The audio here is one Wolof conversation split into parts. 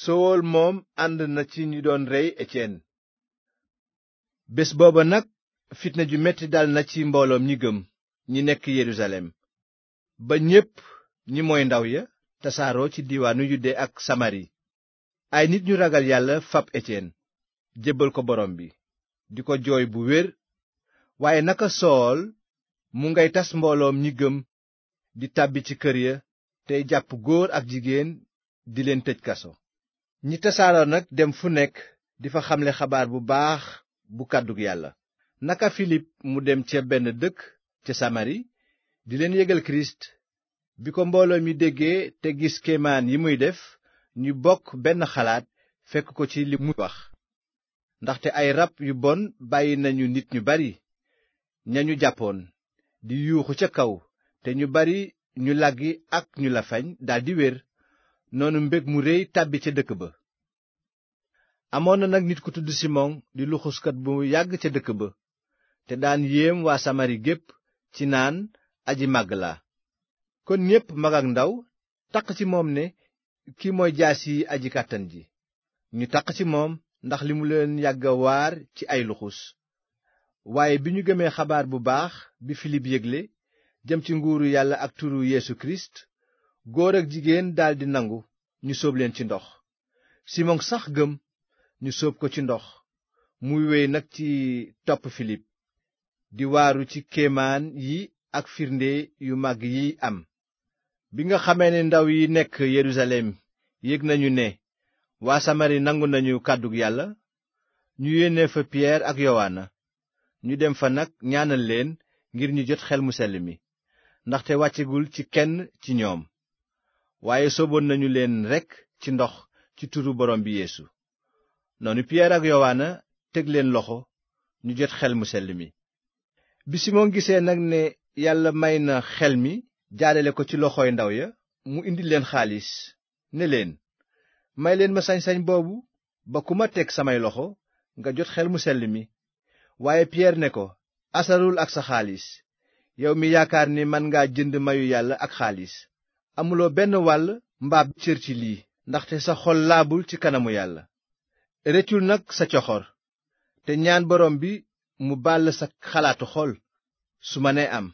sowool moom ànd na ci ñi doon rey Etiyen bés booba nag fitna ju metti dal na ci mbooloom ñi gëm ñi nekk Yerusalem ba ñépp ñi mooy ndaw ya tasaaroo ci diiwaanu Yude ak Samari ay nit ñu ragal yàlla fab Etiyen jébbal ko borom bi di ko jooy bu wér waaye naka sool mu ngay tas mbooloom ñi gëm di tàbbi ci kër ya tey jàpp góor ak jigéen di leen tëj kaso ñi tasaaroo nag dem fu nekk di fa xamle xabaar bu baax bu kàddug yàlla naka filip mu dem ca benn dëkk ca samari di leen yégal kirist bi ko mbooloo mi déggee te gis kéemaan yi muy def ñu bokk benn xalaat fekk ko ci li mu wax ndaxte ay rab yu bon bàyyi nañu nit ñu bari ña ñu jàppoon di yuuxu ca kaw te ñu bari ñu làggi ak ñu la lafañ di wér noonu mbég mu réy tàbbi ca dëkk ba amoon na nag nit ku tudd simoŋ di luxuskat bu yàgg ca dëkk ba te daan yéem waa samari gépp ci naan aji màgg laa kon ñépp mag ak ndaw taq ci moom ne ki mooy jaasi aji kàttan ji ñu taq ci moom ndax li mu leen yàgg a waar ci ay luxus waaye bi ñu gëmee xabaar bu baax bi filip yégle jëm ci nguuru yàlla ak turu yeesu kirist góor ak jigéen daldi nangu ñu sóob leen ci ndox simon sax gëm ñu soob ko ci ndox muy wéy nag ci topp filip di waaru ci kéemaan yi ak firnde yu màgg yi am bi nga xamee ne ndaw yi nekk yerusalem yéeg nañu ne waa samari nangu nañu kàddu yàlla ñu yónnee fa piyeer ak yowaana ñu dem fa nag ñaanal leen ngir ñu jot xel mu sell mi ndaxte wàccegul ci kenn ci ñoom waaye sóoboon nañu leen rekk ci ndox ci turu borom bi yéesu noonu piyeer ak yowaana teg leen loxo ñu jot xel mu sell mi bi simoon gisee nag ne yàlla may na xel mi jaarale ko ci loxoy ndaw ya mu indi leen xaalis ne leen may leen ma sañ-sañ boobu ba ku ma teg samay loxo nga jot xel mu sell mi waaye piyeer ne ko asarul ak sa xaalis yow mi yaakaar ne man ngaa jënd mayu yàlla ak xaalis amuloo benn wàll mbaa cër ci lii ndaxte sa xol laabul ci kanamu yàlla rëccul nag sa coxor te ñaan borom bi mu baal sa xalaatu xol su ma nee am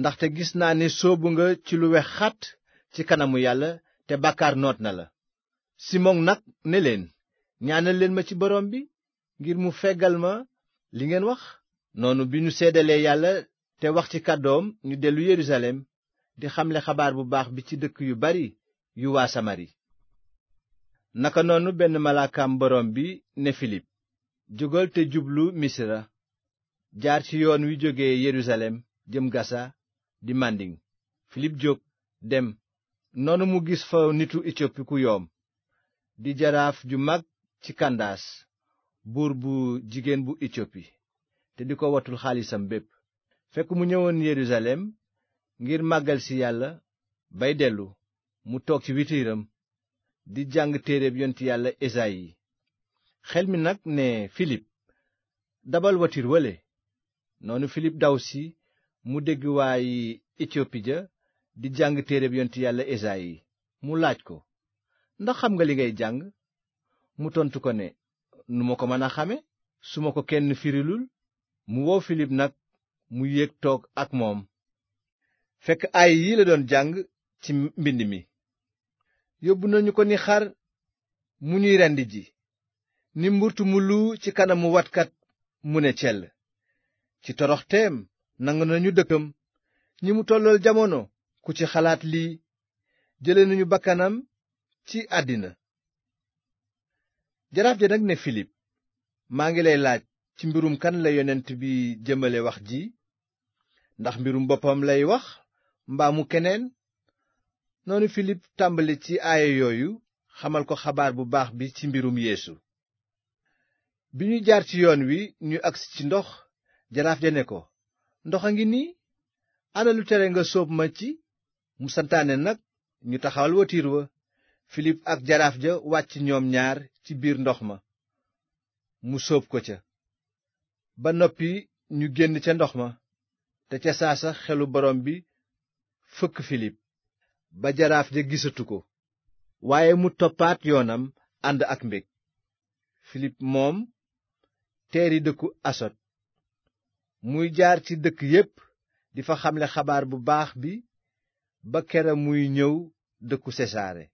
ndaxte gis naa ne sóobu nga ci lu wex xat ci kanamu yàlla te bàkkaar noot na la simoŋ nag ne leen ñaanal leen ma ci borom bi ngir mu fegal ma li ngeen wax noonu bi ñu seedalee yàlla te wax ci kàddoom ñu dellu Yerusalem di xamle xabaar bu baax bi ci dëkk yu bari yu waa naka noonu benn malaakam boroom bi ne filip jógal te jublu misra jaar ci yoon wi jóge yerusalem jëm gasa di mànding filip jóg dem noonu mu gis fa nitu etiopi ku yoom di jaraaf ju mag ci kandaas buur bu jigéen bu etiopi te di ko watul xaalisam bépp fekk mu ñëwoon yerusalem ngir màggal si yàlla bay dellu mu toog ci witiiram di jàng téereb yonent yàlla esayi xel mi nag ne filip dabal watir wële noonu filip daw si mu dégg waayi etiopi ja di jàng téereb yonent yàlla esayi mu laaj ko ndax xam nga li ngay jàng mu tontu ko ne nu ma ko mën a xame su ma ko kenn firilul mu woo filip nag mu yéeg toog ak moom fekk ay yi la doon jàng ci mbind mi yóbbu nañu ko ni xar mu ñuy rendi ji ni mburtu mu luu ci kanamu watkat mu ne cell ci toroxteem nangu nañu dëkkam ñi mu tollool jamono ku ci xalaat lii jële nañu bakkanam ci àddina jaraaf ja nag ne filip maa ngi lay laaj ci mbirum kan la yonent bi jëmale wax ji ndax mbirum boppam lay wax mbaa mu keneen noonu filip tàmbali ci aaya yooyu xamal ko xabaar bu baax bi ci mbirum yéesu bi ñu jaar ci yoon wi ñu agsi ci ndox jaraaf ja ne ko ndox a ngi nii ana lu tere nga soob ma ci mu santaane nag ñu taxawal watiir wa filip ak jaraaf ja wàcc ñoom ñaar ci biir ndox ma mu soob ko ca ba noppi ñu génn ca ndox ma te ca saasa xelu borom bi fëkk filip ba jaraaf ja gisatu ko waaye mu toppaat yoonam ànd ak mbég filip moom teeri dëkku asot muy jaar ci dëkk yépp di fa xamle xabaar bu baax bi ba keram muy ñëw dëkku sesaare